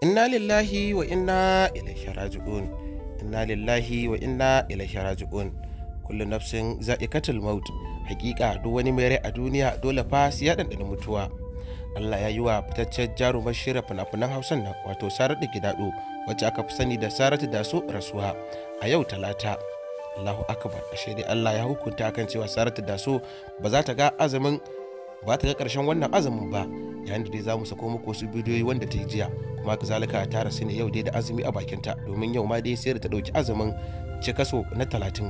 inna lillahi wa inna ilaihi raji'un inna lillahi wa inna ilaihi raji'un kullu nafsin za'iqatul maut haqiqa duk wani rai a duniya dole fa sai ya dandana mutuwa Allah ya yi wa fitaccen jarumar mashira fina-finan Hausan nan wato Saratu Gidado wacce aka fi sani da Saratu da su rasuwa a yau Talata Allahu akbar ashe dai Allah ya hukunta kan cewa Saratu su ba za ta ga azumin ba ta ga karshen wannan azumin ba yayin da dai za mu sako muku wasu bidiyoyi wanda ta yi jiya kuma Zalika ta rasu ne yau dai da azumi a bakinta domin yau ma dai sai da ta ɗauki azumin kaso na talatin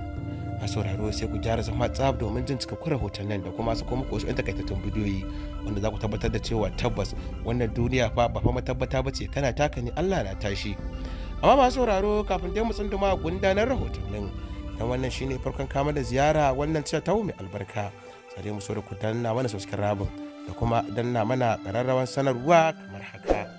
a sauraro sai ku gyara zama tsab domin jin cikakkun nan. da kuma sako muku wasu 'yan takaitattun bidiyoyi wanda za ku tabbatar da cewa tabbas wannan duniya fa ba fa matabbata ba ce tana taka ni Allah na tashi amma masu sauraro kafin dai mu tsunduma gundanar rahotannin dan wannan shine farkon kama da ziyara wannan cewa ta mai albarka gare mu so da ku danna mana subscribe da kuma danna mana ƙararrawan sanarwa kamar haka.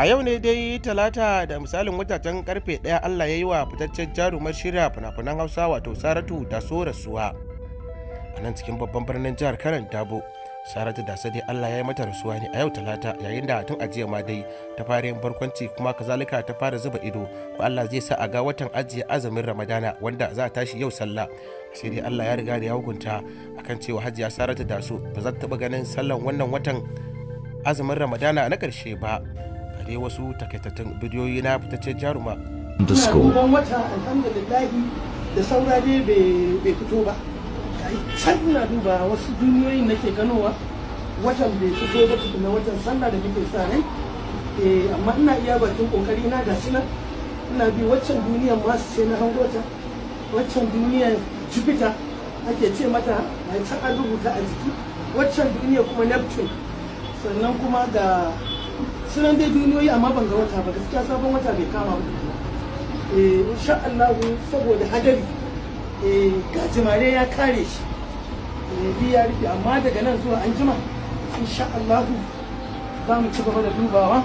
a yau ne dai talata da misalin wajajen karfe ɗaya allah ya yi wa fitaccen jarumar shirya fina-finan hausa wato saratu da so rasuwa a nan cikin babban birnin jihar karen dabo saratu da dai allah ya yi mata rasuwa ne a yau talata yayin da tun ajiya ma dai ta fara yin barkwanci kuma kazalika ta fara zuba ido ko allah zai sa a ga watan ajiya azumin ramadana wanda za a tashi yau sallah sai dai allah ya riga da ya hukunta akan cewa hajiya saratu da su ba za ta taɓa ganin sallan wannan watan azumin ramadana na ƙarshe ba dai wasu takaitattun bidiyoyi na fitaccen jaruma. wata alhamdulillahi Da saura dai bai fito ba. can ina duba wasu duniyoyin nake ganowa watan bai fito ba tukuna watan sallah da nake sa rai eh? eh, amma ina iya bakin kokari na gashi nan ina bi waccan duniyar masu ce na ta waccan duniyar jupiter ake ce mata a can an rubuta a jiki waccan duniya kuma neptune sannan kuma ga sunan dai duniyoyi amma ban ga wata ba gaskiya sabon wata bai kama ba eh, insha Allah saboda hadari eh gajimare ya kare shi bi eh, ya rufe amma daga nan zuwa an jima insha Allah za mu ci gaba da dubawa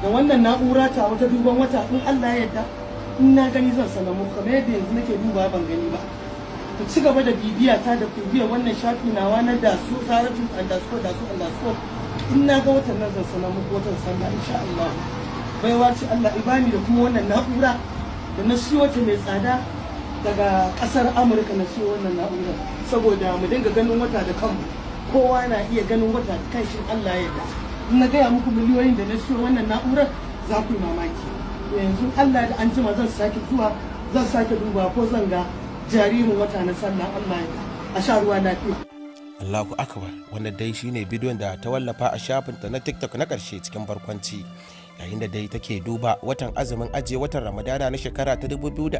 da wannan na'ura ta wata duban wata in Allah ya yarda in na gani zan salamu kamar yadda yanzu nake dubawa ban gani ba ku ci gaba da bibiya ta da biya wannan shafi nawa na da su da underscore da su underscore in na ga watan nan zan salamu watan sallah insha Allah baiwa ce Allah ibani da kuma wannan na'ura da na siyo wata mai tsada daga kasar amurka na siyo wannan na'urar saboda mu dinga ganin wata da kanmu kowa na iya ganin wata da kan shi allah ya da in na gaya muku miliyoyin da na siyo wannan na'urar za ku mamaki yanzu allah da an jima zan sake zuwa zan sake duba ko zan ga jaririn wata na sallah allah ya da a sha ruwa lafiya Allahu Akbar wanda dai shine bidiyon da ta wallafa a shafinta na TikTok na karshe cikin barkwanci. yayin da dai take duba watan azumin ajiye watan ramadana na shekara ta 2024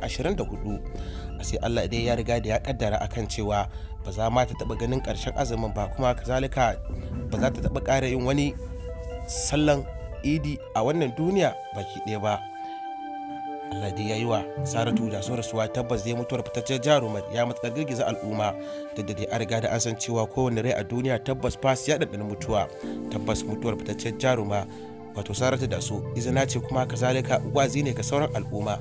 a sai allah dai ya riga da ya kaddara a kan cewa ba za ma ta taba ganin karshen azumin ba kuma kazalika ba za ta taba kara yin wani sallan idi a wannan duniya baki ɗaya ba Allah dai ya yi wa Saratu da so rasuwa tabbas dai mutuwar fitaccen jarumar ya matsakar girgiza al'umma da da dai an riga da an san cewa kowane rai a duniya tabbas fas ya ɗanɗana mutuwa tabbas mutuwar fitaccen jaruma wato sarata da su izina ce kuma kazalika wazi ne ka sauran al'umma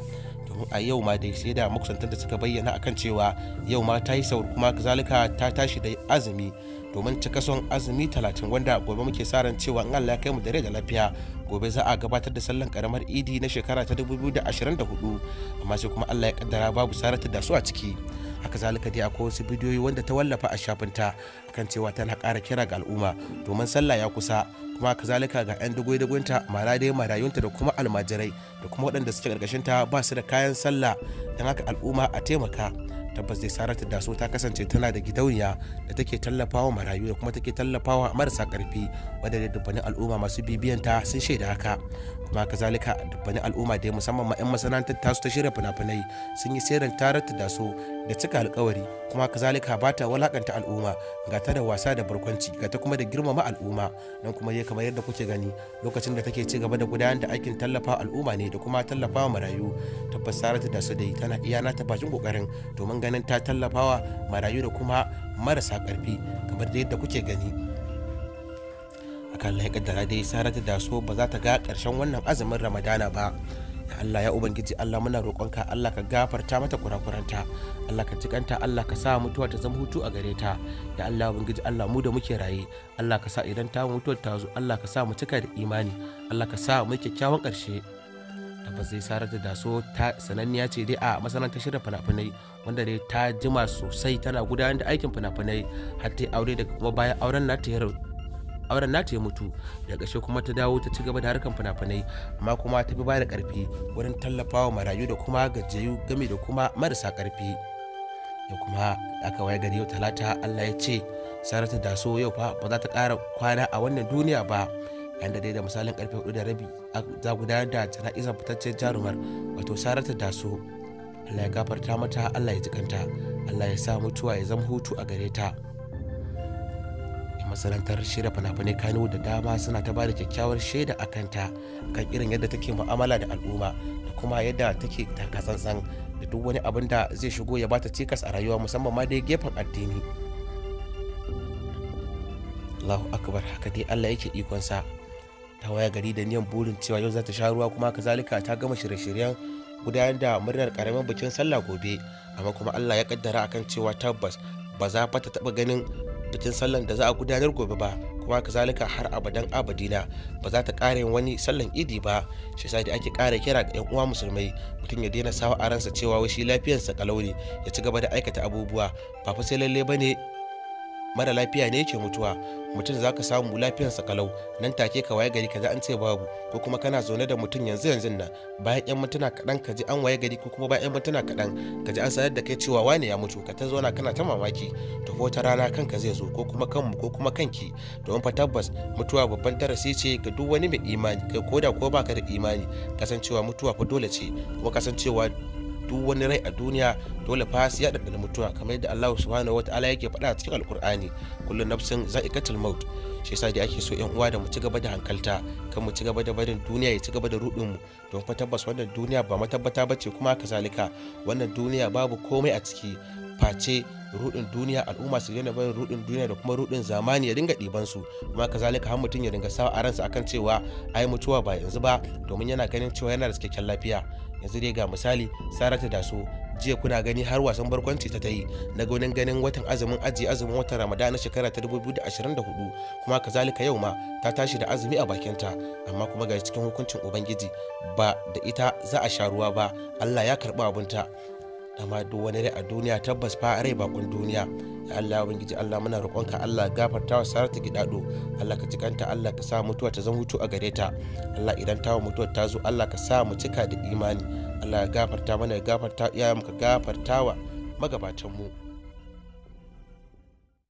domin a yau ma dai sai da da suka bayyana akan cewa yau ma ta yi saur kuma kazalika ta tashi da azumi domin cika son azumi talatin wanda gobe muke sa ran cewa in Allah ya kai mu da da lafiya gobe za a gabatar da sallan karamar idi na shekara ta 2024 amma sai kuma Allah ya kaddara babu sarata da su a ciki haka zalika dai akwai wasu bidiyoyi wanda ta wallafa a shafinta kan cewa tana kara kira ga al'umma domin sallah ya kusa kuma kazalika ga 'yan dagoyi-dagoyinta mara dai marayunta da kuma almajirai da kuma waɗanda suke ta ba su da kayan sallah don haka al'umma a taimaka tabbas dai saratu so ta kasance tana da gidauniya da take tallafawa marayu da kuma take tallafawa marasa karfi wadda da dubbanin al'umma masu ta sun shaida haka kuma kazalika dubbanin al'umma dai musamman ma 'yan masana'antar tasu ta shirya fina-finai sun yi sirrin taratu so da cika alkawari kuma kazalika ba ta walakanta al'umma ga ta da wasa da barkwanci ga ta kuma da girmama al'umma nan kuma dai kamar yadda kuke gani lokacin da take ci gaba da gudanar da aikin tallafa al'umma ne da kuma tallafa marayu tabbas saratu su dai tana iya nata ta bakin kokarin domin ganin ta tallafawa marayu da kuma marasa karfi kamar da yadda kuke gani akan laika da dai sarar da so ba za ta ga karshen wannan azumin ramadana ba Allah ya Ubangiji Allah muna roƙonka Allah ka gafarta mata kurakuranta Allah ka cikanta Allah ka sa mutuwa ta zama hutu a gare ta ya Allah Ubangiji Allah mu da muke raye Allah ka sa idan ta mutuwa ta zo Allah ka sa mu cika da imani Allah ka sa mu kyakkyawan ƙarshe tabbas zai sarar da daso ta sananniya ce dai a masana'antar shirin fina-finai wanda dai ta jima sosai tana gudanar da aikin fina-finai har ta aure daga kuma bayan auren na ta auren nata ya mutu da kashe kuma ta dawo ta ci gaba da harkar fina-finai amma kuma ta fi bada karfi wurin tallafawa marayu da kuma gajiyu game da kuma marasa karfi da kuma aka waye gari yau talata allah ya ce sarata daso yau fa ba za ta kara kwana a wannan duniya ba da dai da misalin karfe 4 da rabi za gudanar da jana'izar fitaccen jarumar wato ta daso allah ya gafarta mata allah ya jikanta allah ya sa mutuwa ya zama hutu a gare ta masana'antar shirya fina-finai kano da dama suna ta bada kyakkyawar shaida a kanta kan irin yadda take mu'amala da al'umma da kuma yadda take takatsantsan da duk wani abin da zai shigo ya bata cikas a rayuwa musamman ma dai gefen addini Allahu akbar haka dai Allah yake ikonsa ta waya gari da niyan burin cewa yau za ta sha ruwa kuma kazalika ta gama shirye-shiryen gudanar da murnar karamin bikin sallah gobe amma kuma Allah ya kaddara akan cewa tabbas ba za fa ta taba ganin bikin sallan da za a gudanar gobe ba kuma kazalika har abadan abadina ba za ta kare wani sallan idi ba shi yasa da ake kara kira ga yan uwa musulmai mutum ya daina sawa a ransa cewa wai shi lafiyarsa kalau ya ci gaba da aikata abubuwa ba fa sai lalle bane mara lafiya ne yake mutuwa mutum za ka samu lafiyarsa kalau nan take ka waye gari kaza an ce babu ko kuma kana zaune da mutum yanzu yanzu nan bayan yan mutuna kaɗan ka ji an waye gari ko kuma bayan yan mutuna kaɗan ka ji an sanar da kai cewa wane ya mutu ka ta zauna kana ta mamaki to ko ta rana kanka zai zo ko kuma kanmu ko kuma kanki domin fa tabbas mutuwa babban darasi ce ga duk wani mai imani kai da ko baka da imani kasancewa mutuwa fa dole ce kuma kasancewa duk wani rai a duniya dole fa sai ya mutuwa kamar yadda Allah subhanahu wa ta'ala yake faɗa a cikin alkur'ani kullun nafsin za'iqatul maut shi yasa da ake so yan uwa da mu ci gaba da hankalta kan mu ci gaba da barin duniya ya ci gaba da rudin mu don fa tabbas wannan duniya ba matabbata bace kuma kazalika wannan duniya babu komai a ciki face rudin duniya al'umma su daina barin rudin duniya da kuma rudin zamani ya dinga ɗiban su kuma kazalika har mutum ya dinga sawa a ransa akan cewa ai mutuwa ba yanzu ba domin yana ganin cewa yana da cikakken lafiya yanzu dai ga misali sarata da su jiya kuna gani har wasan barkwanci ta ta yi na gonin ganin watan azumin aji azumin watan ramadana shekara ta 2024 kuma kazalika yau ma ta tashi da azumi a bakinta amma kuma ga cikin hukuncin ubangiji ba da ita za a sha ruwa ba allah ya karɓi abinta amma duk wani rai a duniya tabbas fa rai bakon duniya ya Allah ubangiji Allah muna roƙonka Allah gafarta wa Saratu Gidado Allah ka cikanta Allah ka sa mutuwa ta zan hutu a gare ta Allah idan ta mutuwa ta zo Allah ka sa mu cika da imani Allah ya gafarta mana ya gafarta iyayenmu ka gafarta wa magabatan mu